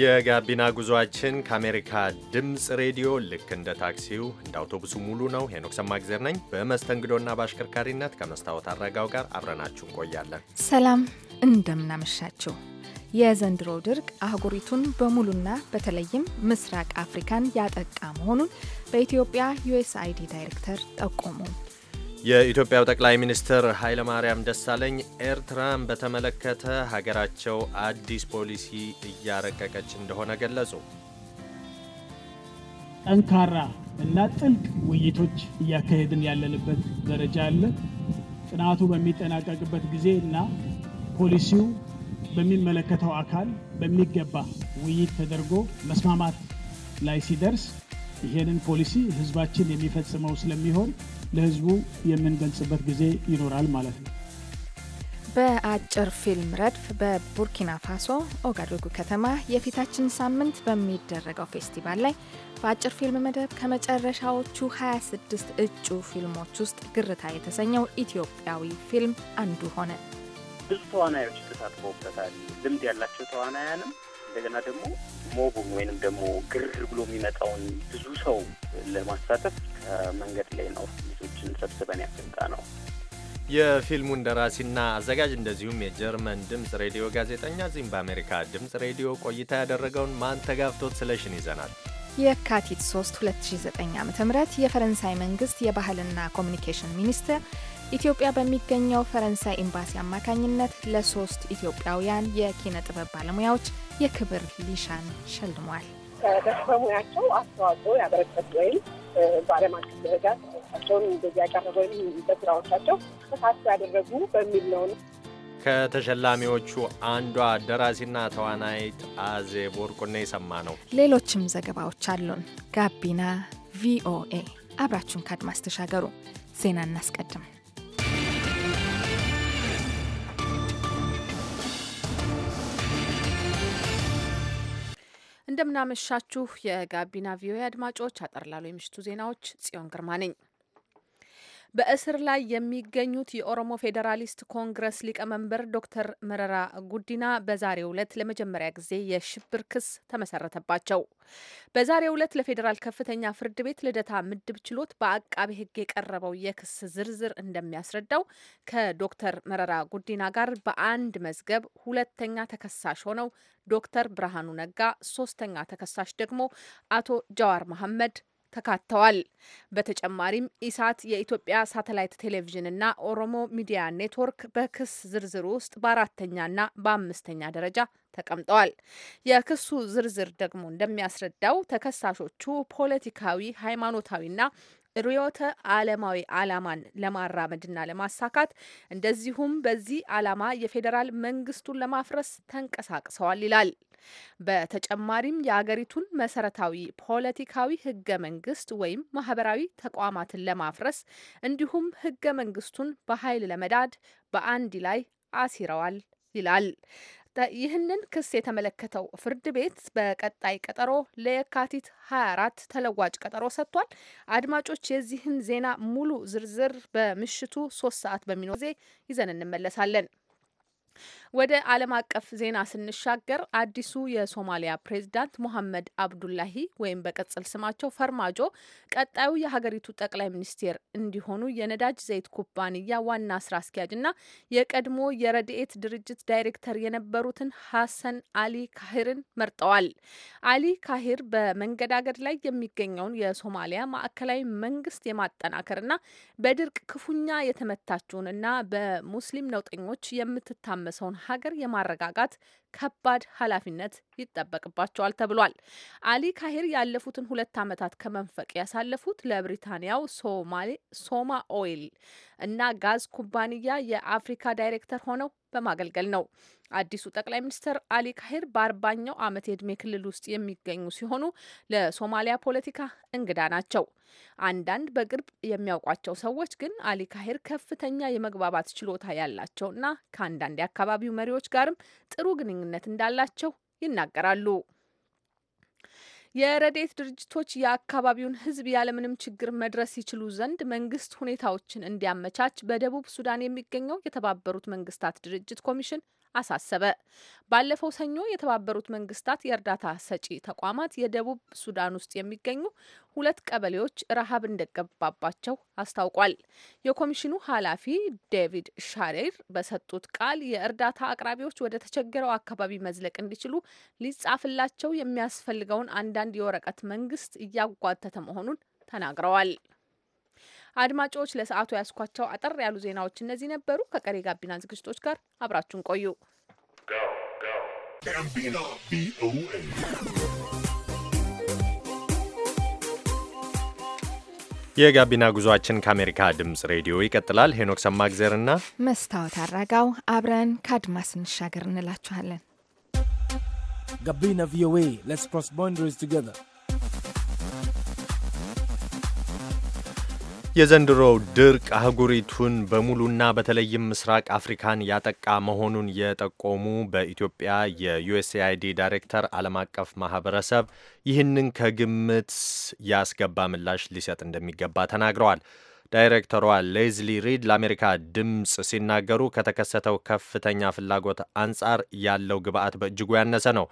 የጋቢና ጉዟችን ከአሜሪካ ድምፅ ሬዲዮ ልክ እንደ ታክሲው እንደ አውቶቡሱ ሙሉ ነው። ሄኖክ ሰማግዜር ነኝ። በመስተንግዶና በአሽከርካሪነት ከመስታወት አረጋው ጋር አብረናችሁ እንቆያለን። ሰላም እንደምናመሻችሁ። የዘንድሮ ድርቅ አህጉሪቱን በሙሉና በተለይም ምስራቅ አፍሪካን ያጠቃ መሆኑን በኢትዮጵያ ዩኤስአይዲ ዳይሬክተር ጠቆሙ። የኢትዮጵያው ጠቅላይ ሚኒስትር ኃይለማርያም ደሳለኝ ኤርትራን በተመለከተ ሀገራቸው አዲስ ፖሊሲ እያረቀቀች እንደሆነ ገለጹ። ጠንካራ እና ጥልቅ ውይይቶች እያካሄድን ያለንበት ደረጃ አለ። ጥናቱ በሚጠናቀቅበት ጊዜ እና ፖሊሲው በሚመለከተው አካል በሚገባ ውይይት ተደርጎ መስማማት ላይ ሲደርስ ይሄንን ፖሊሲ ህዝባችን የሚፈጽመው ስለሚሆን ለህዝቡ የምንገልጽበት ጊዜ ይኖራል ማለት ነው። በአጭር ፊልም ረድፍ በቡርኪና ፋሶ ኦጋዶጉ ከተማ የፊታችን ሳምንት በሚደረገው ፌስቲቫል ላይ በአጭር ፊልም መደብ ከመጨረሻዎቹ 26 እጩ ፊልሞች ውስጥ ግርታ የተሰኘው ኢትዮጵያዊ ፊልም አንዱ ሆነ። ብዙ ተዋናዮች ተሳትፈውበታል። ልምድ ያላቸው ተዋናያንም እንደገና ደግሞ ሞቡን ወይንም ደግሞ ግር ብሎ የሚመጣውን ብዙ ሰው ለማሳተፍ ከመንገድ ላይ ነው ወጣቶችን ሰብስበን ያስወጣ ነው። የፊልሙን ደራሲና አዘጋጅ እንደዚሁም የጀርመን ድምፅ ሬዲዮ ጋዜጠኛ እዚህም በአሜሪካ ድምፅ ሬዲዮ ቆይታ ያደረገውን ማንተጋፍቶት ስለሽን ይዘናል። የካቲት 3 2009 ዓ ም የፈረንሳይ መንግስት የባህልና ኮሚኒኬሽን ሚኒስቴር ኢትዮጵያ በሚገኘው ፈረንሳይ ኤምባሲ አማካኝነት ለሶስት ኢትዮጵያውያን የኪነ ጥበብ ባለሙያዎች የክብር ሊሻን ሸልሟል። በሙያቸው አስተዋጽኦ ያበረከቱ ወይም በዓለም አቀፍ ደረጃ ራሳቸውን እንደዚህ ያቀረበ በስራዎቻቸው ተሳትፎ ያደረጉ በሚል ነው። ከተሸላሚዎቹ አንዷ ደራሲና ተዋናይት አዜብ ቦርቁና የሰማ ነው። ሌሎችም ዘገባዎች አሉን። ጋቢና ቪኦኤ አብራችሁን ከአድማስ ተሻገሩ። ዜና እናስቀድም። እንደምናመሻችሁ የጋቢና ቪኦኤ አድማጮች፣ አጠር ላሉ የምሽቱ ዜናዎች ጽዮን ግርማ ነኝ። በእስር ላይ የሚገኙት የኦሮሞ ፌዴራሊስት ኮንግረስ ሊቀመንበር ዶክተር መረራ ጉዲና በዛሬው ዕለት ለመጀመሪያ ጊዜ የሽብር ክስ ተመሰረተባቸው። በዛሬው ዕለት ለፌዴራል ከፍተኛ ፍርድ ቤት ልደታ ምድብ ችሎት በአቃቤ ሕግ የቀረበው የክስ ዝርዝር እንደሚያስረዳው ከዶክተር መረራ ጉዲና ጋር በአንድ መዝገብ ሁለተኛ ተከሳሽ ሆነው ዶክተር ብርሃኑ ነጋ፣ ሶስተኛ ተከሳሽ ደግሞ አቶ ጃዋር መሐመድ ተካተዋል። በተጨማሪም ኢሳት የኢትዮጵያ ሳተላይት ቴሌቪዥንና ኦሮሞ ሚዲያ ኔትወርክ በክስ ዝርዝር ውስጥ በአራተኛና በአምስተኛ ደረጃ ተቀምጠዋል። የክሱ ዝርዝር ደግሞ እንደሚያስረዳው ተከሳሾቹ ፖለቲካዊ፣ ሃይማኖታዊና ርዕዮተ ዓለማዊ ዓላማን ለማራመድና ለማሳካት እንደዚሁም በዚህ ዓላማ የፌዴራል መንግስቱን ለማፍረስ ተንቀሳቅሰዋል ይላል። በተጨማሪም የአገሪቱን መሰረታዊ ፖለቲካዊ ህገ መንግስት ወይም ማህበራዊ ተቋማትን ለማፍረስ እንዲሁም ህገ መንግስቱን በኃይል ለመዳድ በአንድ ላይ አሲረዋል ይላል። ይህንን ክስ የተመለከተው ፍርድ ቤት በቀጣይ ቀጠሮ ለየካቲት 24 ተለዋጭ ቀጠሮ ሰጥቷል። አድማጮች የዚህን ዜና ሙሉ ዝርዝር በምሽቱ ሶስት ሰዓት በሚኖር ጊዜ ይዘን እንመለሳለን። ወደ ዓለም አቀፍ ዜና ስንሻገር አዲሱ የሶማሊያ ፕሬዚዳንት ሞሐመድ አብዱላሂ ወይም በቅጽል ስማቸው ፈርማጆ ቀጣዩ የሀገሪቱ ጠቅላይ ሚኒስቴር እንዲሆኑ የነዳጅ ዘይት ኩባንያ ዋና ስራ አስኪያጅና የቀድሞ የረድኤት ድርጅት ዳይሬክተር የነበሩትን ሀሰን አሊ ካሂርን መርጠዋል። አሊ ካሂር በመንገዳገድ ላይ የሚገኘውን የሶማሊያ ማዕከላዊ መንግስት የማጠናከርና በድርቅ ክፉኛ የተመታችውን እና በሙስሊም ነውጠኞች የምትታመሰውን ሀገር የማረጋጋት ከባድ ኃላፊነት ይጠበቅባቸዋል ተብሏል። አሊ ካሂር ያለፉትን ሁለት ዓመታት ከመንፈቅ ያሳለፉት ለብሪታንያው ሶማ ኦይል እና ጋዝ ኩባንያ የአፍሪካ ዳይሬክተር ሆነው በማገልገል ነው። አዲሱ ጠቅላይ ሚኒስትር አሊ ካሂር በአርባኛው ዓመት የዕድሜ ክልል ውስጥ የሚገኙ ሲሆኑ ለሶማሊያ ፖለቲካ እንግዳ ናቸው። አንዳንድ በቅርብ የሚያውቋቸው ሰዎች ግን አሊ ካሂር ከፍተኛ የመግባባት ችሎታ ያላቸውና ከአንዳንድ የአካባቢው መሪዎች ጋርም ጥሩ ግንኙነት ግንኙነት እንዳላቸው ይናገራሉ። የረዴት ድርጅቶች የአካባቢውን ሕዝብ ያለምንም ችግር መድረስ ይችሉ ዘንድ መንግስት ሁኔታዎችን እንዲያመቻች በደቡብ ሱዳን የሚገኘው የተባበሩት መንግስታት ድርጅት ኮሚሽን አሳሰበ። ባለፈው ሰኞ የተባበሩት መንግስታት የእርዳታ ሰጪ ተቋማት የደቡብ ሱዳን ውስጥ የሚገኙ ሁለት ቀበሌዎች ረሃብ እንደገባባቸው አስታውቋል። የኮሚሽኑ ኃላፊ ዴቪድ ሻሬር በሰጡት ቃል የእርዳታ አቅራቢዎች ወደ ተቸገረው አካባቢ መዝለቅ እንዲችሉ ሊጻፍላቸው የሚያስፈልገውን አንዳንድ የወረቀት መንግስት እያጓተተ መሆኑን ተናግረዋል። አድማጮች ለሰዓቱ ያስኳቸው አጠር ያሉ ዜናዎች እነዚህ ነበሩ። ከቀሬ ጋቢና ዝግጅቶች ጋር አብራችሁን ቆዩ። የጋቢና ጉዟችን ከአሜሪካ ድምፅ ሬዲዮ ይቀጥላል። ሄኖክ ሰማግዘርና መስታወት አራጋው አብረን ከአድማስ እንሻገር እንላችኋለን። ጋቢና ቪኦኤ ሌትስ ክሮስ ቦንደሪስ ቱጌዘር የዘንድሮው ድርቅ አህጉሪቱን በሙሉና በተለይም ምስራቅ አፍሪካን ያጠቃ መሆኑን የጠቆሙ በኢትዮጵያ የዩኤስኤአይዲ ዳይሬክተር ዓለም አቀፍ ማህበረሰብ ይህንን ከግምት ያስገባ ምላሽ ሊሰጥ እንደሚገባ ተናግረዋል። ዳይሬክተሯ ሌዝሊ ሪድ ለአሜሪካ ድምፅ ሲናገሩ ከተከሰተው ከፍተኛ ፍላጎት አንጻር ያለው ግብአት በእጅጉ ያነሰ ነው።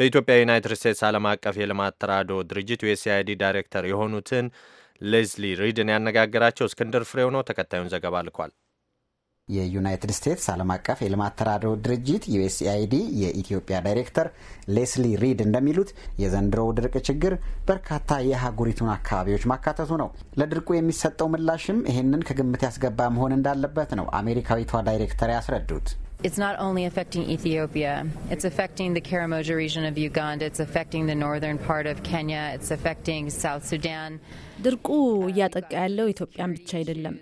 በኢትዮጵያ ዩናይትድ ስቴትስ ዓለም አቀፍ የልማት ተራድኦ ድርጅት ዩኤስኤአይዲ ዳይሬክተር የሆኑትን ሌዝሊ ሪድን ያነጋገራቸው እስክንድር ፍሬው ነው። ተከታዩን ዘገባ ልኳል። የዩናይትድ ስቴትስ ዓለም አቀፍ የልማት ተራድኦ ድርጅት ዩኤስኤአይዲ የኢትዮጵያ ዳይሬክተር ሌስሊ ሪድ እንደሚሉት የዘንድሮው ድርቅ ችግር በርካታ የሀጉሪቱን አካባቢዎች ማካተቱ ነው። ለድርቁ የሚሰጠው ምላሽም ይህንን ከግምት ያስገባ መሆን እንዳለበት ነው አሜሪካዊቷ ዳይሬክተር ያስረዱት። It's not only affecting Ethiopia, it's affecting the Karamoja region of Uganda, it's affecting the northern part of Kenya, it's affecting South Sudan. ድርቁ እያጠቃ ያለው ኢትዮጵያን ብቻ አይደለም።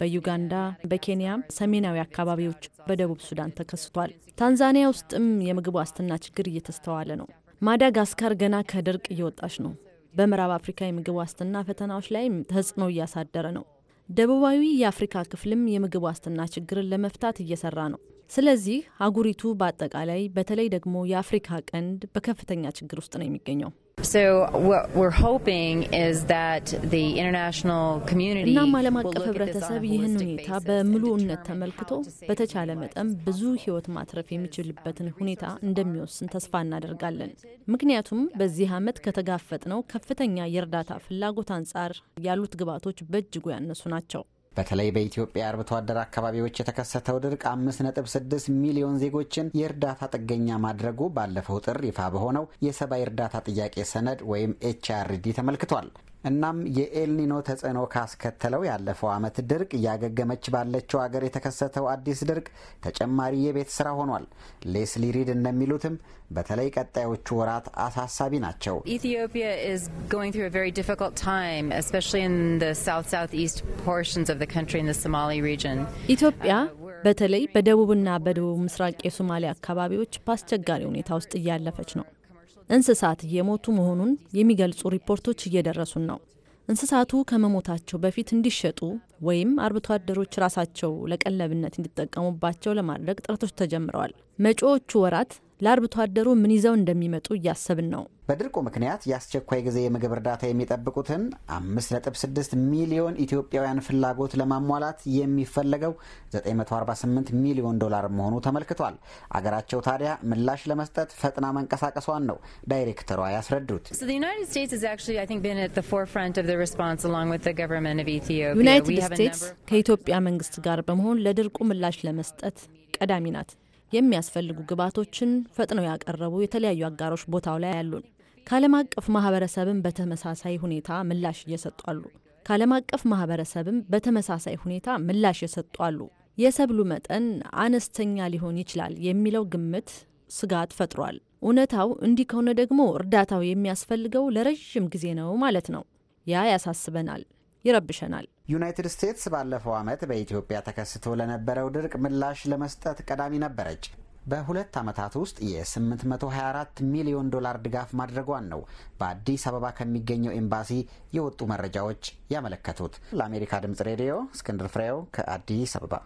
በዩጋንዳ፣ በኬንያ ሰሜናዊ አካባቢዎች፣ በደቡብ ሱዳን ተከስቷል። ታንዛኒያ ውስጥም የምግብ ዋስትና ችግር እየተስተዋለ ነው። ማዳጋስካር ገና ከድርቅ እየወጣች ነው። በምዕራብ አፍሪካ የምግብ ዋስትና ፈተናዎች ላይ ተጽዕኖ እያሳደረ ነው። ደቡባዊ የአፍሪካ ክፍልም የምግብ ዋስትና ችግርን ለመፍታት እየሰራ ነው። ስለዚህ አጉሪቱ በአጠቃላይ በተለይ ደግሞ የአፍሪካ ቀንድ በከፍተኛ ችግር ውስጥ ነው የሚገኘው። እናም ዓለም አቀፍ ህብረተሰብ ይህን ሁኔታ በምሉዕነት ተመልክቶ በተቻለ መጠን ብዙ ህይወት ማትረፍ የሚችልበትን ሁኔታ እንደሚወስን ተስፋ እናደርጋለን። ምክንያቱም በዚህ ዓመት ከተጋፈጥነው ከፍተኛ የእርዳታ ፍላጎት አንጻር ያሉት ግብዓቶች በእጅጉ ያነሱ ናቸው። በተለይ በኢትዮጵያ አርብቶ አደር አካባቢዎች የተከሰተው ድርቅ 5.6 ሚሊዮን ዜጎችን የእርዳታ ጥገኛ ማድረጉ ባለፈው ጥር ይፋ በሆነው የሰብአዊ እርዳታ ጥያቄ ሰነድ ወይም ኤችአርዲ ተመልክቷል። እናም የኤልኒኖ ተጽዕኖ ካስከተለው ያለፈው ዓመት ድርቅ እያገገመች ባለችው አገር የተከሰተው አዲስ ድርቅ ተጨማሪ የቤት ስራ ሆኗል። ሌስሊ ሪድ እንደሚሉትም በተለይ ቀጣዮቹ ወራት አሳሳቢ ናቸው። ኢትዮጵያ uh, በተለይ በደቡብና በደቡብ ምስራቅ የሶማሊያ አካባቢዎች በአስቸጋሪ ሁኔታ ውስጥ እያለፈች ነው። እንስሳት እየሞቱ መሆኑን የሚገልጹ ሪፖርቶች እየደረሱን ነው። እንስሳቱ ከመሞታቸው በፊት እንዲሸጡ ወይም አርብቶ አደሮች ራሳቸው ለቀለብነት እንዲጠቀሙባቸው ለማድረግ ጥረቶች ተጀምረዋል። መጪዎቹ ወራት ለአርብቶ አደሩ ምን ይዘው እንደሚመጡ እያሰብን ነው። በድርቁ ምክንያት የአስቸኳይ ጊዜ የምግብ እርዳታ የሚጠብቁትን 5.6 ሚሊዮን ኢትዮጵያውያን ፍላጎት ለማሟላት የሚፈለገው 948 ሚሊዮን ዶላር መሆኑ ተመልክቷል። አገራቸው ታዲያ ምላሽ ለመስጠት ፈጥና መንቀሳቀሷን ነው ዳይሬክተሯ ያስረዱት። ዩናይትድ ስቴትስ ከኢትዮጵያ መንግስት ጋር በመሆን ለድርቁ ምላሽ ለመስጠት ቀዳሚ ናት። የሚያስፈልጉ ግብዓቶችን ፈጥነው ያቀረቡ የተለያዩ አጋሮች ቦታው ላይ ያሉን፣ ከዓለም አቀፍ ማህበረሰብም በተመሳሳይ ሁኔታ ምላሽ እየሰጡ አሉ። ከዓለም አቀፍ ማህበረሰብም በተመሳሳይ ሁኔታ ምላሽ የሰጡ አሉ። የሰብሉ መጠን አነስተኛ ሊሆን ይችላል የሚለው ግምት ስጋት ፈጥሯል። እውነታው እንዲህ ከሆነ ደግሞ እርዳታው የሚያስፈልገው ለረዥም ጊዜ ነው ማለት ነው። ያ ያሳስበናል። ይረብሸናል። ዩናይትድ ስቴትስ ባለፈው ዓመት በኢትዮጵያ ተከስቶ ለነበረው ድርቅ ምላሽ ለመስጠት ቀዳሚ ነበረች። በሁለት ዓመታት ውስጥ የ824 ሚሊዮን ዶላር ድጋፍ ማድረጓን ነው በአዲስ አበባ ከሚገኘው ኤምባሲ የወጡ መረጃዎች ያመለከቱት። ለአሜሪካ ድምፅ ሬዲዮ እስክንድር ፍሬው ከአዲስ አበባ።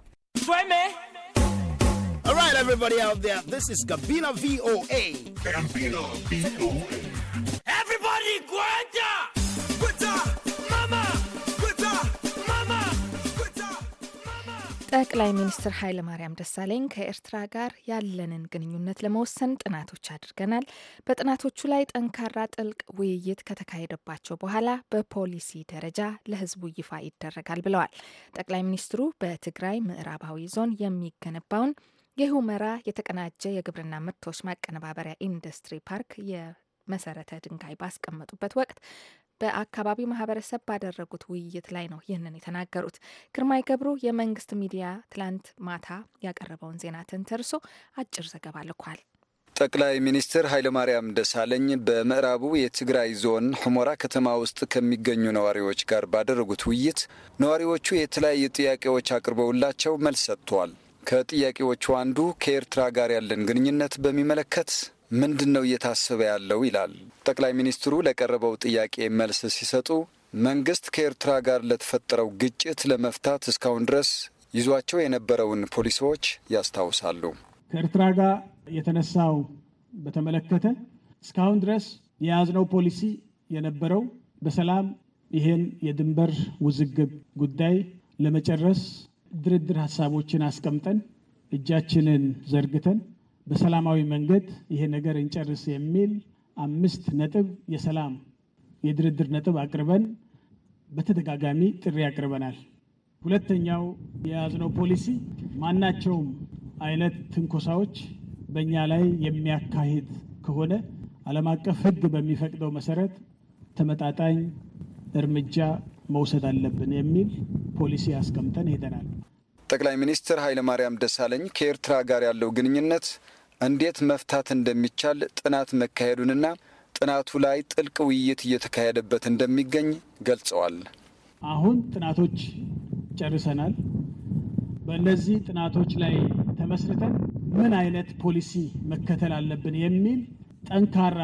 ጋቢና ቪኦኤ ጠቅላይ ሚኒስትር ኃይለማርያም ደሳለኝ ከኤርትራ ጋር ያለንን ግንኙነት ለመወሰን ጥናቶች አድርገናል። በጥናቶቹ ላይ ጠንካራ ጥልቅ ውይይት ከተካሄደባቸው በኋላ በፖሊሲ ደረጃ ለሕዝቡ ይፋ ይደረጋል ብለዋል። ጠቅላይ ሚኒስትሩ በትግራይ ምዕራባዊ ዞን የሚገነባውን የሁመራ የተቀናጀ የግብርና ምርቶች ማቀነባበሪያ ኢንዱስትሪ ፓርክ የመሰረተ ድንጋይ ባስቀመጡበት ወቅት በአካባቢው ማህበረሰብ ባደረጉት ውይይት ላይ ነው ይህንን የተናገሩት። ግርማይ ገብሩ የመንግስት ሚዲያ ትላንት ማታ ያቀረበውን ዜና ተንተርሶ አጭር ዘገባ ልኳል። ጠቅላይ ሚኒስትር ኃይለማርያም ደሳለኝ በምዕራቡ የትግራይ ዞን ሑመራ ከተማ ውስጥ ከሚገኙ ነዋሪዎች ጋር ባደረጉት ውይይት ነዋሪዎቹ የተለያዩ ጥያቄዎች አቅርበውላቸው መልስ ሰጥተዋል። ከጥያቄዎቹ አንዱ ከኤርትራ ጋር ያለን ግንኙነት በሚመለከት ምንድን ነው እየታሰበ ያለው ይላል። ጠቅላይ ሚኒስትሩ ለቀረበው ጥያቄ መልስ ሲሰጡ መንግስት ከኤርትራ ጋር ለተፈጠረው ግጭት ለመፍታት እስካሁን ድረስ ይዟቸው የነበረውን ፖሊሲዎች ያስታውሳሉ። ከኤርትራ ጋር የተነሳው በተመለከተ እስካሁን ድረስ የያዝነው ፖሊሲ የነበረው በሰላም ይሄን የድንበር ውዝግብ ጉዳይ ለመጨረስ ድርድር ሀሳቦችን አስቀምጠን እጃችንን ዘርግተን በሰላማዊ መንገድ ይሄ ነገር እንጨርስ የሚል አምስት ነጥብ የሰላም የድርድር ነጥብ አቅርበን በተደጋጋሚ ጥሪ አቅርበናል። ሁለተኛው የያዝነው ፖሊሲ ማናቸውም አይነት ትንኮሳዎች በእኛ ላይ የሚያካሂድ ከሆነ ዓለም አቀፍ ሕግ በሚፈቅደው መሰረት ተመጣጣኝ እርምጃ መውሰድ አለብን የሚል ፖሊሲ አስቀምጠን ሄደናል። ጠቅላይ ሚኒስትር ኃይለማርያም ደሳለኝ ከኤርትራ ጋር ያለው ግንኙነት እንዴት መፍታት እንደሚቻል ጥናት መካሄዱንና ጥናቱ ላይ ጥልቅ ውይይት እየተካሄደበት እንደሚገኝ ገልጸዋል። አሁን ጥናቶች ጨርሰናል። በእነዚህ ጥናቶች ላይ ተመስርተን ምን አይነት ፖሊሲ መከተል አለብን የሚል ጠንካራ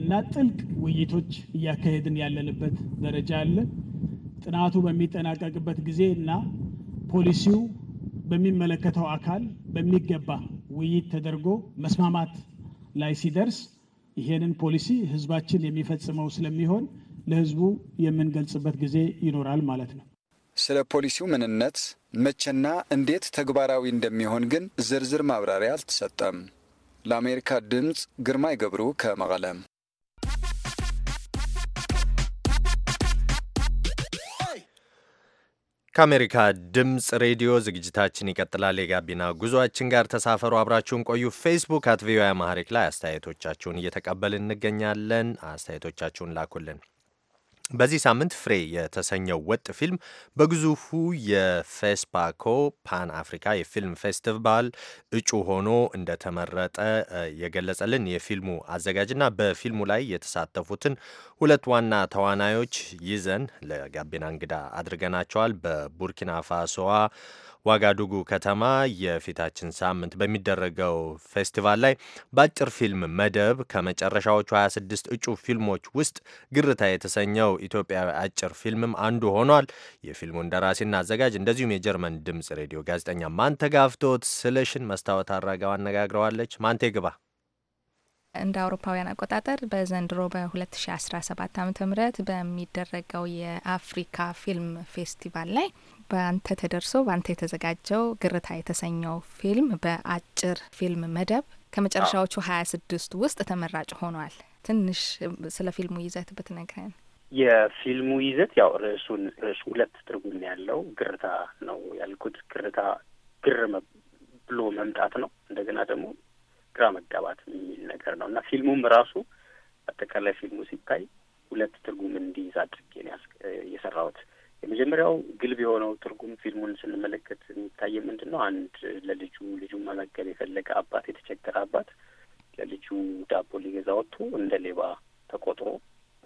እና ጥልቅ ውይይቶች እያካሄድን ያለንበት ደረጃ አለ። ጥናቱ በሚጠናቀቅበት ጊዜ እና ፖሊሲው በሚመለከተው አካል በሚገባ ውይይት ተደርጎ መስማማት ላይ ሲደርስ ይሄንን ፖሊሲ ህዝባችን የሚፈጽመው ስለሚሆን ለህዝቡ የምንገልጽበት ጊዜ ይኖራል ማለት ነው። ስለ ፖሊሲው ምንነት መቼና እንዴት ተግባራዊ እንደሚሆን ግን ዝርዝር ማብራሪያ አልተሰጠም። ለአሜሪካ ድምፅ ግርማይ ገብሩ ከመቀለም ከአሜሪካ ድምፅ ሬዲዮ ዝግጅታችን ይቀጥላል። የጋቢና ጉዞአችን ጋር ተሳፈሩ፣ አብራችሁን ቆዩ። ፌስቡክ አት ቪኦኤ አማሪክ ላይ አስተያየቶቻችሁን እየተቀበልን እንገኛለን። አስተያየቶቻችሁን ላኩልን። በዚህ ሳምንት ፍሬ የተሰኘው ወጥ ፊልም በግዙፉ የፌስፓኮ ፓን አፍሪካ የፊልም ፌስቲቫል እጩ ሆኖ እንደተመረጠ የገለጸልን የፊልሙ አዘጋጅና በፊልሙ ላይ የተሳተፉትን ሁለት ዋና ተዋናዮች ይዘን ለጋቢና እንግዳ አድርገናቸዋል። በቡርኪና ፋሶዋ ዋጋዱጉ ከተማ የፊታችን ሳምንት በሚደረገው ፌስቲቫል ላይ በአጭር ፊልም መደብ ከመጨረሻዎቹ 26 እጩ ፊልሞች ውስጥ ግርታ የተሰኘው ኢትዮጵያዊ አጭር ፊልምም አንዱ ሆኗል። የፊልሙ እንደራሴና አዘጋጅ እንደዚሁም የጀርመን ድምፅ ሬዲዮ ጋዜጠኛ ጋፍቶት ስለሽን መስታወት አድራጋው አነጋግረዋለች። ማንቴ ግባ እንደ አውሮፓውያን አቆጣጠር በዘንድሮ በ2017 ዓ ም በሚደረገው የአፍሪካ ፊልም ፌስቲቫል ላይ በአንተ ተደርሶ በአንተ የተዘጋጀው ግርታ የተሰኘው ፊልም በአጭር ፊልም መደብ ከመጨረሻዎቹ ሀያ ስድስት ውስጥ ተመራጭ ሆኗል። ትንሽ ስለ ፊልሙ ይዘት ብትነግረን። የፊልሙ ይዘት ያው ርዕሱን ርዕሱ ሁለት ትርጉም ያለው ግርታ ነው ያልኩት። ግርታ ግር ብሎ መምጣት ነው። እንደገና ደግሞ ግራ መጋባት የሚል ነገር ነው እና ፊልሙም ራሱ አጠቃላይ ፊልሙ ሲታይ ሁለት ትርጉም እንዲይዝ አድርጌ ነው የሰራሁት። የመጀመሪያው ግልብ የሆነው ትርጉም ፊልሙን ስንመለከት የሚታየ ምንድን ነው? አንድ ለልጁ ልጁ መመገብ የፈለገ አባት፣ የተቸገረ አባት ለልጁ ዳቦ ሊገዛ ወጥቶ እንደ ሌባ ተቆጥሮ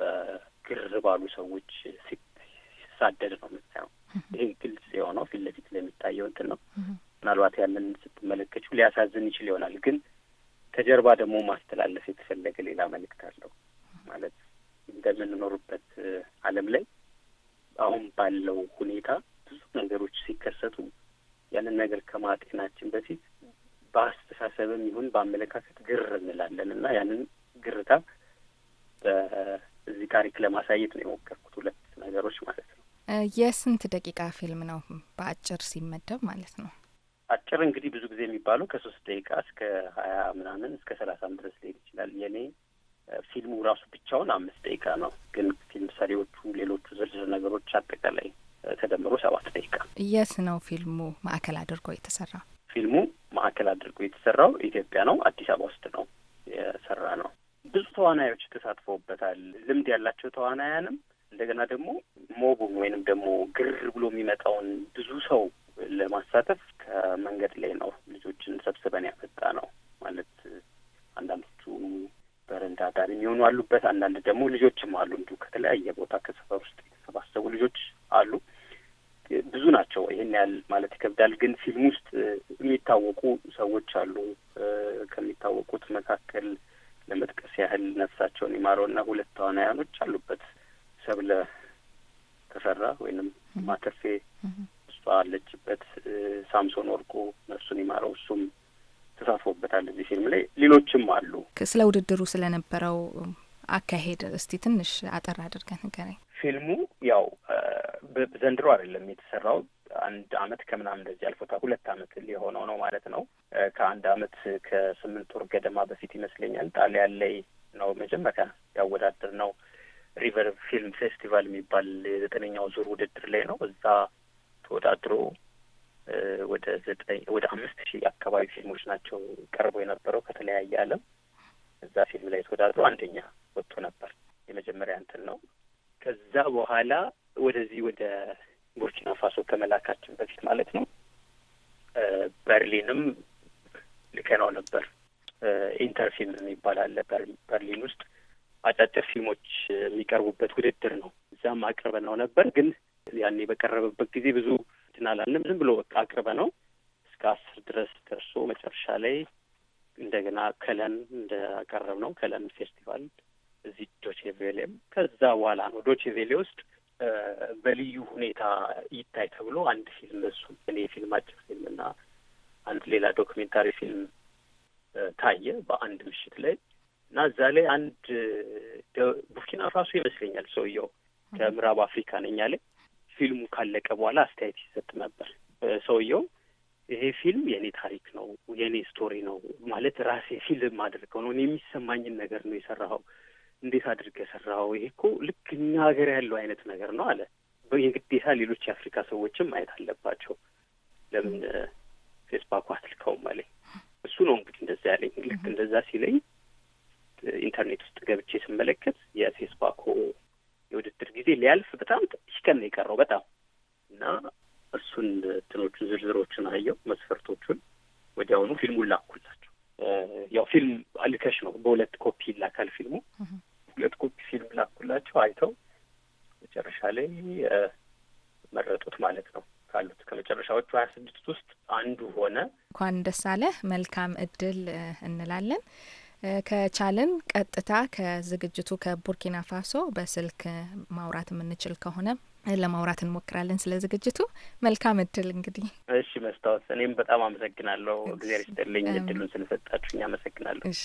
በግር ባሉ ሰዎች ሲሳደድ ነው የምታየው። ይሄ ግልጽ የሆነው ፊት ለፊት ለሚታየው እንትን ነው። ምናልባት ያንን ስትመለከችው ሊያሳዝን ይችል ይሆናል፣ ግን ከጀርባ ደግሞ ማስተላለፍ የተፈለገ ሌላ መልእክት አለው ማለት እንደምንኖርበት ዓለም ላይ አሁን ባለው ሁኔታ ብዙ ነገሮች ሲከሰቱ ያንን ነገር ከማጤናችን በፊት በአስተሳሰብም ይሁን በአመለካከት ግር እንላለን እና ያንን ግርታ በዚህ ታሪክ ለማሳየት ነው የሞከርኩት። ሁለት ነገሮች ማለት ነው። የስንት ደቂቃ ፊልም ነው በአጭር ሲመደብ ማለት ነው? አጭር እንግዲህ ብዙ ጊዜ የሚባለው ከሶስት ደቂቃ እስከ ሀያ ምናምን እስከ ሰላሳም ድረስ ሊሄድ ይችላል። የኔ ፊልሙ ራሱ ብቻውን አምስት ደቂቃ ነው። ግን ፊልም ሰሪዎቹ ሌሎቹ ዝርዝር ነገሮች አጠቃላይ ተደምሮ ሰባት ደቂቃ። የት ነው ፊልሙ ማዕከል አድርጎ የተሰራ? ፊልሙ ማዕከል አድርጎ የተሰራው ኢትዮጵያ ነው፣ አዲስ አበባ ውስጥ ነው የሰራ ነው። ብዙ ተዋናዮች ተሳትፎበታል። ልምድ ያላቸው ተዋናያንም እንደገና ደግሞ ሞቡን ወይንም ደግሞ ግር ብሎ የሚመጣውን ብዙ ሰው ለማሳተፍ ከመንገድ ላይ ነው ልጆችን ሰብስበን ያመጣ ነው ማለት አንዳንዶቹ በረንዳ ዳር የሚሆኑ አሉበት። አንዳንድ ደግሞ ልጆችም አሉ እንዲሁ ከተለያየ ቦታ ከሰፈር ውስጥ የተሰባሰቡ ልጆች አሉ። ብዙ ናቸው። ይህን ያህል ማለት ይከብዳል። ግን ፊልም ውስጥ የሚታወቁ ሰዎች አሉ። ከሚታወቁት መካከል ለመጥቀስ ያህል ነፍሳቸውን ይማረውና ሁለት ተዋናያኖች አሉበት። ሰብለ ተፈራ ወይንም ማተፌ እሷ አለችበት። ሳምሶን ወርቁ ነፍሱን የማረው እሱም ተሳትፎበታል እዚህ ፊልም ላይ። ሌሎችም አሉ። ስለ ውድድሩ ስለነበረው አካሄድ እስቲ ትንሽ አጠር አድርገን ንገረኝ። ፊልሙ ያው ዘንድሮ አይደለም የተሰራው አንድ አመት ከምናምን እንደዚህ አልፎታ ሁለት አመት ሊሆነው ነው ማለት ነው። ከአንድ አመት ከስምንት ወር ገደማ በፊት ይመስለኛል ጣሊያን ላይ ነው መጀመሪያ ያወዳደር ነው። ሪቨር ፊልም ፌስቲቫል የሚባል የዘጠነኛው ዙር ውድድር ላይ ነው። እዛ ተወዳድሮ ወደ ዘጠኝ ወደ አምስት ሺህ አካባቢ ፊልሞች ናቸው ቀርቦ የነበረው ከተለያየ ዓለም እዛ ፊልም ላይ ተወዳድሮ አንደኛ ወጥቶ ነበር። የመጀመሪያ እንትን ነው። ከዛ በኋላ ወደዚህ ወደ ቡርኪና ፋሶ ከመላካችን በፊት ማለት ነው በርሊንም ልከነው ነበር። ኢንተርፊልም የሚባል አለ በርሊን ውስጥ አጫጭር ፊልሞች የሚቀርቡበት ውድድር ነው። እዛም አቅርበነው ነበር። ግን ያኔ በቀረበበት ጊዜ ብዙ እንትን አላልንም። ዝም ብሎ በቃ አቅርበ ነው እስከ አስር ድረስ ደርሶ መጨረሻ ላይ እንደገና ከለን እንዳቀረብ ነው ከለን ፌስቲቫል እዚህ ዶቼቬሌም ከዛ በኋላ ነው ዶቼቬሌ ውስጥ በልዩ ሁኔታ ይታይ ተብሎ አንድ ፊልም እሱ እኔ ፊልም አጭር ፊልም እና አንድ ሌላ ዶክሜንታሪ ፊልም ታየ በአንድ ምሽት ላይ እና እዛ ላይ አንድ ቡርኪና ፋሶ ይመስለኛል ሰውየው ከምዕራብ አፍሪካ ነኝ አለ ፊልሙ ካለቀ በኋላ አስተያየት ይሰጥ ነበር። ሰውየው ይሄ ፊልም የእኔ ታሪክ ነው፣ የእኔ ስቶሪ ነው ማለት ራሴ ፊልም አድርገው ነው እኔ የሚሰማኝን ነገር ነው የሰራኸው። እንዴት አድርገ የሰራኸው? ይሄ እኮ ልክ እኛ ሀገር ያለው አይነት ነገር ነው አለ። የግዴታ ሌሎች የአፍሪካ ሰዎችም ማየት አለባቸው። ለምን ፌስባኩ አትልከውም አለኝ። እሱ ነው እንግዲህ እንደዛ ያለኝ። ልክ እንደዛ ሲለኝ ኢንተርኔት ውስጥ ገብቼ ስመለከት የፌስባኮ የውድድር ጊዜ ሊያልፍ በጣም ጥቂት ቀን ነው የቀረው በጣም እና እሱን እንትኖቹን ዝርዝሮችን አየው መስፈርቶቹን ወዲያውኑ ፊልሙን ላኩላቸው። ያው ፊልም አልከሽ ነው በሁለት ኮፒ ይላካል ፊልሙ። ሁለት ኮፒ ፊልም ላኩላቸው አይተው መጨረሻ ላይ መረጡት ማለት ነው። ካሉት ከመጨረሻዎቹ ሀያ ስድስት ውስጥ አንዱ ሆነ። እንኳን ደስ አለህ፣ መልካም እድል እንላለን። ከቻልን ቀጥታ ከዝግጅቱ ከቡርኪና ፋሶ በስልክ ማውራት የምንችል ከሆነ ለማውራት እንሞክራለን ስለ ዝግጅቱ። መልካም እድል እንግዲህ። እሺ መስታወት፣ እኔም በጣም አመሰግናለሁ። እግዚአብሔር ይስጥልኝ እድሉን ስለሰጣችሁኝ አመሰግናለሁ። እሺ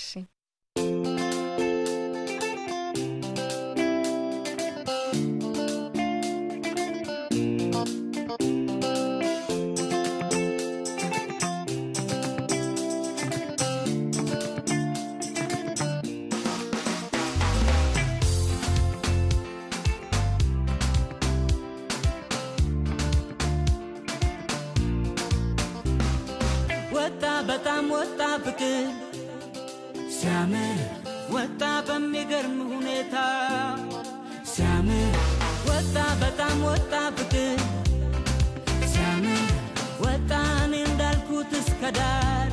ይረዳል።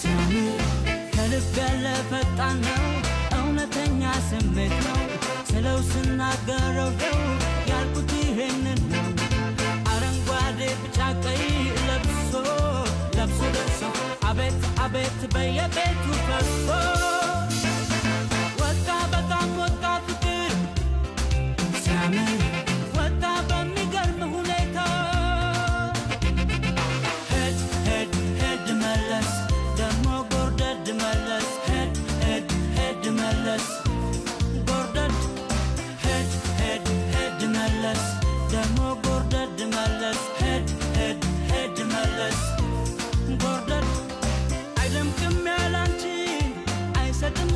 ሲያምር ከልብ ያለ ፈጣን ነው፣ እውነተኛ ስሜት ነው። ስለው ስናገረው ደው ያልኩት ይሄንን ነው። አረንጓዴ ቢጫ ቀይ ለብሶ ለብሶ ደርሶ አቤት አቤት በየቤቱ ፈሶ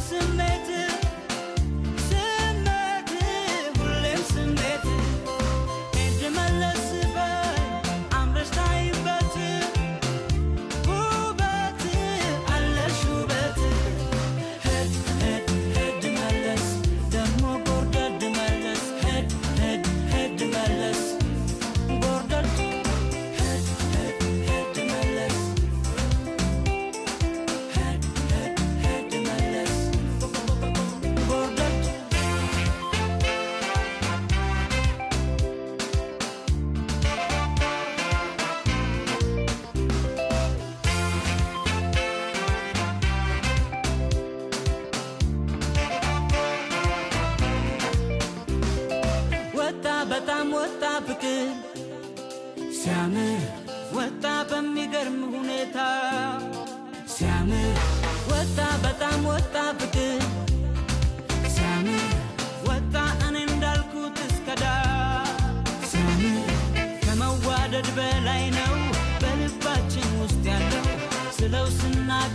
to make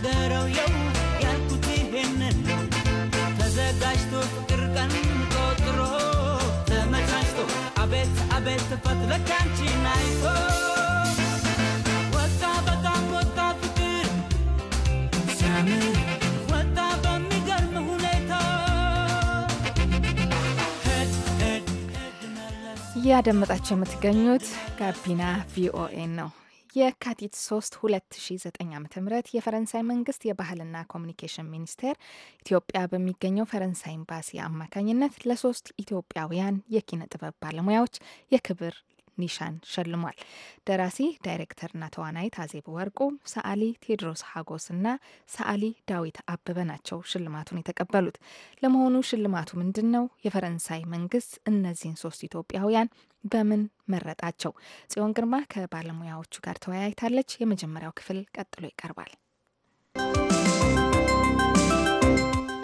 ልንገረው ያልኩት ይሄንን ተዘጋጅቶ ፍቅር ቀን ቆጥሮ ተመቻችቶ አቤት አቤት ፈት ለካ አንቺን ወጣ በጣም ወጣ ፍቅር ሲያምር ወጣ በሚገርም ሁኔታ እያደመጣቸው የምትገኙት ጋቢና ቪኦኤ ነው። የካቲት 3 2009 ዓ ም የፈረንሳይ መንግስት የባህልና ኮሚኒኬሽን ሚኒስቴር ኢትዮጵያ በሚገኘው ፈረንሳይ ኤምባሲ አማካኝነት ለሶስት ኢትዮጵያውያን የኪነ ጥበብ ባለሙያዎች የክብር ኒሻን ሸልሟል። ደራሲ ዳይሬክተርና ተዋናይት አዜብ ወርቁ፣ ሰዓሊ ቴዎድሮስ ሀጎስ እና ሰዓሊ ዳዊት አበበ ናቸው ሽልማቱን የተቀበሉት። ለመሆኑ ሽልማቱ ምንድን ነው? የፈረንሳይ መንግስት እነዚህን ሶስት ኢትዮጵያውያን በምን መረጣቸው? ጽዮን ግርማ ከባለሙያዎቹ ጋር ተወያይታለች። የመጀመሪያው ክፍል ቀጥሎ ይቀርባል።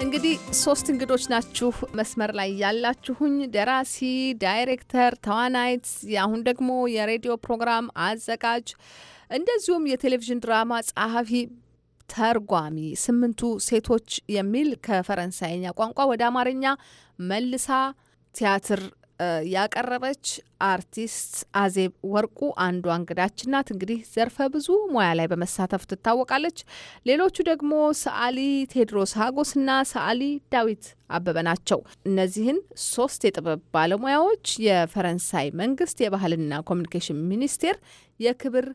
እንግዲህ ሶስት እንግዶች ናችሁ መስመር ላይ ያላችሁኝ፣ ደራሲ፣ ዳይሬክተር፣ ተዋናይት፣ አሁን ደግሞ የሬዲዮ ፕሮግራም አዘጋጅ እንደዚሁም የቴሌቪዥን ድራማ ጸሐፊ ተርጓሚ ስምንቱ ሴቶች የሚል ከፈረንሳይኛ ቋንቋ ወደ አማርኛ መልሳ ቲያትር ያቀረበች አርቲስት አዜብ ወርቁ አንዷ እንግዳችን ናት። እንግዲህ ዘርፈ ብዙ ሙያ ላይ በመሳተፍ ትታወቃለች። ሌሎቹ ደግሞ ሰዓሊ ቴድሮስ ሀጎስና ሰዓሊ ዳዊት አበበ ናቸው። እነዚህን ሶስት የጥበብ ባለሙያዎች የፈረንሳይ መንግስት የባህልና ኮሚኒኬሽን ሚኒስቴር የክብር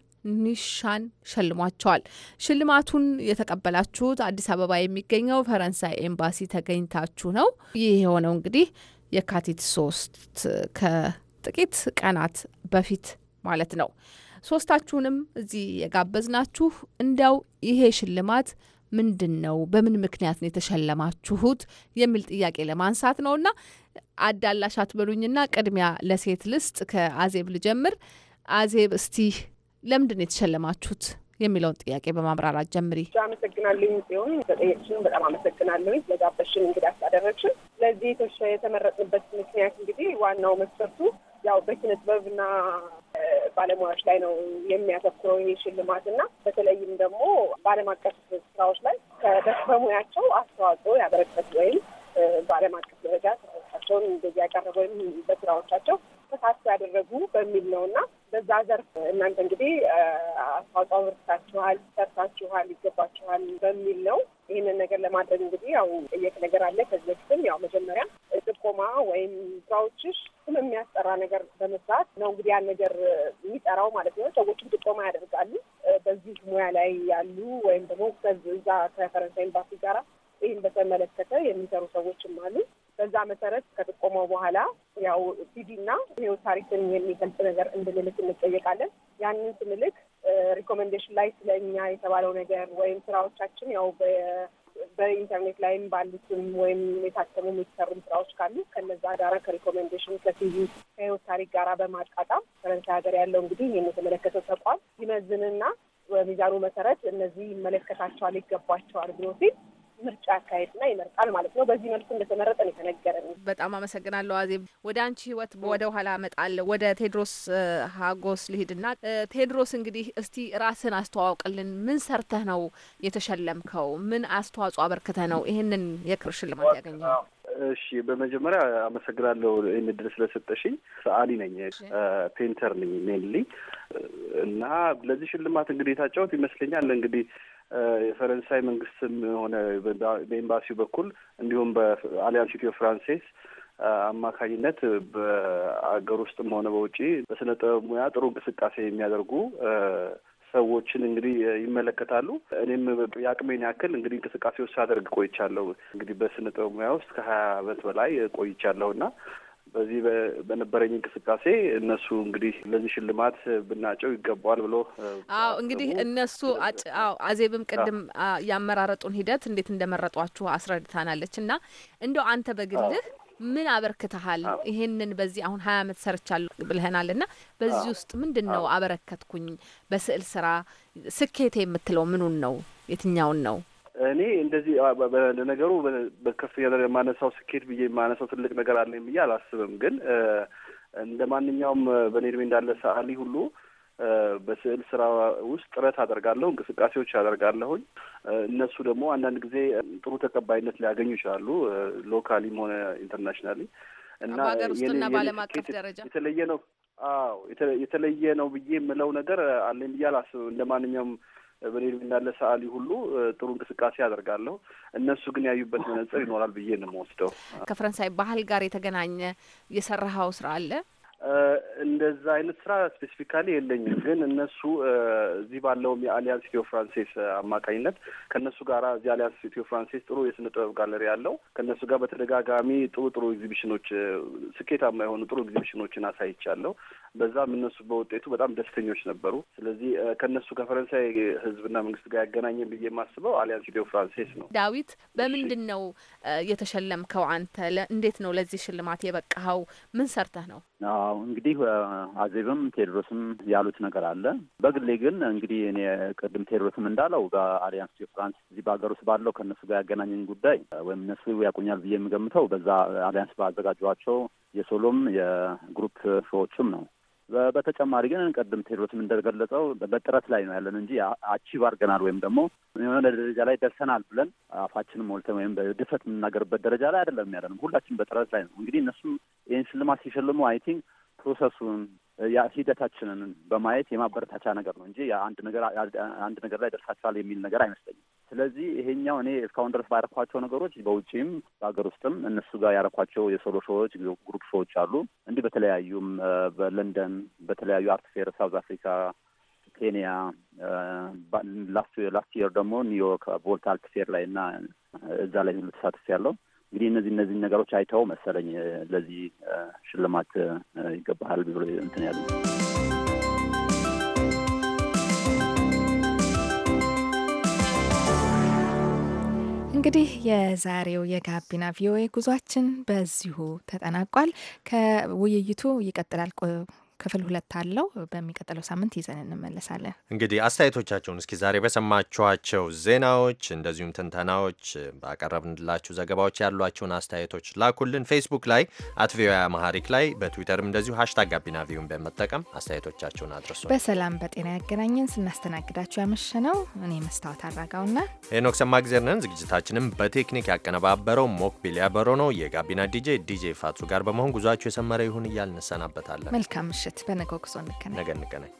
ኒሻን ሸልሟቸዋል። ሽልማቱን የተቀበላችሁት አዲስ አበባ የሚገኘው ፈረንሳይ ኤምባሲ ተገኝታችሁ ነው። ይህ የሆነው እንግዲህ የካቲት ሶስት ከጥቂት ቀናት በፊት ማለት ነው። ሶስታችሁንም እዚህ የጋበዝናችሁ እንዲያው ይሄ ሽልማት ምንድን ነው፣ በምን ምክንያት ነው የተሸለማችሁት የሚል ጥያቄ ለማንሳት ነውና አዳላሽ አትበሉኝና ቅድሚያ ለሴት ልስጥ። ከአዜብ ልጀምር። አዜብ፣ እስቲ ለምንድን ነው የተሸለማችሁት? የሚለውን ጥያቄ በማብራራት ጀምሪ። አመሰግናለኝ ሲሆን ተጠየቅሽን በጣም አመሰግናለኝ ለጋበሽን እንግዲህ አስታደረግሽን። ለዚህ የተመረጥንበት ምክንያት እንግዲህ ዋናው መስፈርቱ ያው በኪነ ጥበብና ባለሙያዎች ላይ ነው የሚያተኩረው ይህ ሽልማት እና በተለይም ደግሞ በዓለም አቀፍ ስራዎች ላይ በሙያቸው አስተዋጽኦ ያበረከቱ ወይም በዓለም አቀፍ ደረጃ ተሰቻቸውን እንደዚህ ያቀረበ በስራዎቻቸው ተሳትፎ ያደረጉ በሚል ነው እና በዛ ዘርፍ እናንተ እንግዲህ አስተዋጽኦ በርታችኋል፣ ሰርታችኋል፣ ይገባችኋል በሚል ነው ይህንን ነገር ለማድረግ እንግዲህ ያው ጠየቅ ነገር አለ። ከዚህ በፊትም ያው መጀመሪያ ጥቆማ ወይም ስራዎችሽ ስም የሚያስጠራ ነገር በመስራት ነው እንግዲህ ያን ነገር የሚጠራው ማለት ነው። ሰዎችም ጥቆማ ያደርጋሉ በዚህ ሙያ ላይ ያሉ ወይም ደግሞ ከዛ ከፈረንሳይ ኤምባሲ ጋራ ይህን በተመለከተ የሚሰሩ ሰዎችም አሉ። በዛ መሰረት ከጥቆመው በኋላ ያው ሲዲና ህይወት ታሪክን የሚገልጽ ነገር እንድንልክ እንጠየቃለን። ያንን ስንልክ ሪኮሜንዴሽን ላይ ስለ እኛ የተባለው ነገር ወይም ስራዎቻችን ያው በኢንተርኔት ላይም ባሉትም ወይም የታተሙም የተሰሩም ስራዎች ካሉ ከነዛ ጋራ ከሪኮሜንዴሽን ከሲቪ ከህይወት ታሪክ ጋራ በማጣጣም ፈረንሳይ ሀገር ያለው እንግዲህ ይህን የተመለከተው ተቋም ይመዝንና በሚዛኑ መሰረት እነዚህ ይመለከታቸዋል፣ ይገባቸዋል ብሎ ሲል ምርጫ አካሄድና ይመርጣል ማለት ነው። በዚህ መልኩ እንደተመረጠ ነው የተነገረን። በጣም አመሰግናለሁ አዜብ። ወደ አንቺ ህይወት ወደ ኋላ እመጣለሁ። ወደ ቴድሮስ ሀጎስ ልሂድና ቴድሮስ እንግዲህ እስቲ ራስን አስተዋውቅልን። ምን ሰርተህ ነው የተሸለምከው? ምን አስተዋጽኦ አበርክተህ ነው ይህንን የክር ሽልማት ያገኘው? እሺ በመጀመሪያ አመሰግናለሁ ይህን እድል ስለሰጠሽኝ። ሰዓሊ ነኝ፣ ፔንተር ነኝ ሜንሊ እና ለዚህ ሽልማት እንግዲህ የታጫሁት ይመስለኛል እንግዲህ የፈረንሳይ መንግስትም ሆነ በኤምባሲው በኩል እንዲሁም በአሊያንስ ኢትዮ ፍራንሴስ አማካኝነት በአገር ውስጥም ሆነ በውጪ በስነ ጥበብ ሙያ ጥሩ እንቅስቃሴ የሚያደርጉ ሰዎችን እንግዲህ ይመለከታሉ። እኔም የአቅሜን ያክል እንግዲህ እንቅስቃሴ ውስጥ አደርግ ቆይቻለሁ። እንግዲህ በስነ ጥበብ ሙያ ውስጥ ከሀያ አመት በላይ ቆይቻለሁ እና በዚህ በነበረኝ እንቅስቃሴ እነሱ እንግዲህ ለዚህ ሽልማት ብናጨው ይገባዋል ብሎ አዎ እንግዲህ እነሱ አዎ አዜብም ቅድም ያመራረጡን ሂደት እንዴት እንደመረጧችሁ አስረድታናለች እና እንደው አንተ በግልህ ምን አበርክተሃል? ይሄንን በዚህ አሁን ሀያ አመት ሰርቻለሁ ብልህናል እና በዚህ ውስጥ ምንድን ነው አበረከትኩኝ? በስዕል ስራ ስኬቴ የምትለው ምኑን ነው? የትኛውን ነው? እኔ እንደዚህ ነገሩ በከፍተኛ ደረጃ የማነሳው ስኬት ብዬ የማነሳው ትልቅ ነገር አለ ብዬ አላስብም። ግን እንደ ማንኛውም በእኔ እድሜ እንዳለ ሰዓሊ ሁሉ በስዕል ስራ ውስጥ ጥረት አደርጋለሁ፣ እንቅስቃሴዎች አደርጋለሁኝ። እነሱ ደግሞ አንዳንድ ጊዜ ጥሩ ተቀባይነት ሊያገኙ ይችላሉ፣ ሎካሊም ሆነ ኢንተርናሽናሊ እና በሀገር በዓለም አቀፍ ደረጃ የተለየ ነው። አዎ የተለየ ነው ብዬ የምለው ነገር አለኝ ብዬ አላስብም እንደ ማንኛውም በእኔ እድሜ እንዳለ ሰዓሊ ሁሉ ጥሩ እንቅስቃሴ አደርጋለሁ። እነሱ ግን ያዩበት መነጽር ይኖራል ብዬ ነው የምወስደው። ከፈረንሳይ ባህል ጋር የተገናኘ የሰራኸው ስራ አለ? እንደዛ አይነት ስራ ስፔሲፊካሊ የለኝም፣ ግን እነሱ እዚህ ባለውም የአሊያንስ ኢትዮ ፍራንሴስ አማካኝነት ከእነሱ ጋር እዚህ አሊያንስ ኢትዮ ፍራንሴስ ጥሩ የስነ ጥበብ ጋለሪ ያለው ከእነሱ ጋር በተደጋጋሚ ጥሩ ጥሩ ኤግዚቢሽኖች ስኬታማ የሆኑ ጥሩ ኤግዚቢሽኖችን አሳይቻለሁ። በዛም እነሱ በውጤቱ በጣም ደስተኞች ነበሩ። ስለዚህ ከእነሱ ከፈረንሳይ ህዝብና መንግስት ጋር ያገናኘን ብዬ የማስበው አሊያንስ ኢትዮ ፍራንሴስ ነው። ዳዊት፣ በምንድን ነው የተሸለምከው? አንተ እንዴት ነው ለዚህ ሽልማት የበቃኸው? ምን ሰርተህ ነው? ያው እንግዲህ አዜብም ቴድሮስም ያሉት ነገር አለ። በግሌ ግን እንግዲህ እኔ ቅድም ቴድሮስም እንዳለው በአሊያንስ ፍራንስ እዚህ በሀገር ውስጥ ባለው ከእነሱ ጋር ያገናኘኝ ጉዳይ ወይም እነሱ ያቁኛል ብዬ የምገምተው በዛ አሊያንስ ባዘጋጇቸው የሶሎም የግሩፕ ሾዎችም ነው። በተጨማሪ ግን ቅድም ቴድሮስም እንደገለጸው በጥረት ላይ ነው ያለን እንጂ አቺቭ አድርገናል ወይም ደግሞ የሆነ ደረጃ ላይ ደርሰናል ብለን አፋችንም ሞልተን ወይም በድፈት የምናገርበት ደረጃ ላይ አይደለም ያለንም። ሁላችን በጥረት ላይ ነው። እንግዲህ እነሱም ይህን ሽልማት ሲሸልሙ አይ ቲንክ ፕሮሰሱን ሂደታችንን በማየት የማበረታቻ ነገር ነው እንጂ አንድ ነገር አንድ ነገር ላይ ደርሳችኋል የሚል ነገር አይመስለኝም። ስለዚህ ይሄኛው እኔ እስካሁን ድረስ ባያረኳቸው ነገሮች በውጪም በሀገር ውስጥም እነሱ ጋር ያረኳቸው የሶሎ ሾዎች፣ ግሩፕ ሾዎች አሉ። እንዲህ በተለያዩም በለንደን በተለያዩ አርት ፌር ሳውዝ አፍሪካ፣ ኬንያ፣ ላስት የር ደግሞ ኒውዮርክ ቮልት አርት ፌር ላይ እና እዛ ላይ ሁሉ ተሳትፍ ያለው እንግዲህ እነዚህ እነዚህ ነገሮች አይተው መሰለኝ ለዚህ ሽልማት ይገባሃል ብሎ እንትን ያሉ እንግዲህ የዛሬው የጋቢና ቪኦኤ ጉዟችን በዚሁ ተጠናቋል። ከውይይቱ ይቀጥላል። ክፍል ሁለት አለው። በሚቀጥለው ሳምንት ይዘን እንመለሳለን። እንግዲህ አስተያየቶቻቸውን እስኪ ዛሬ በሰማችኋቸው ዜናዎች፣ እንደዚሁም ትንተናዎች፣ ባቀረብንላችሁ ዘገባዎች ያሏቸውን አስተያየቶች ላኩልን። ፌስቡክ ላይ አት ቪኦኤ አማሃሪክ ላይ በትዊተርም እንደዚሁ ሀሽታግ ጋቢና ቪውን በመጠቀም አስተያየቶቻቸውን አድርሱ። በሰላም በጤና ያገናኘን። ስናስተናግዳችሁ ያመሸ ነው እኔ መስታወት አድራጋውና ሄኖክ ሰማግዜር ነን። ዝግጅታችንም በቴክኒክ ያቀነባበረው ሞክቢል ያበሮ ነው። የጋቢና ዲጄ ዲጄ ፋቱ ጋር በመሆን ጉዟችሁ የሰመረ ይሁን እያል እንሰናበታለን። መልካም ምሽት። በነገው ጉዞ እንገናኝ። ነገ እንገናኝ።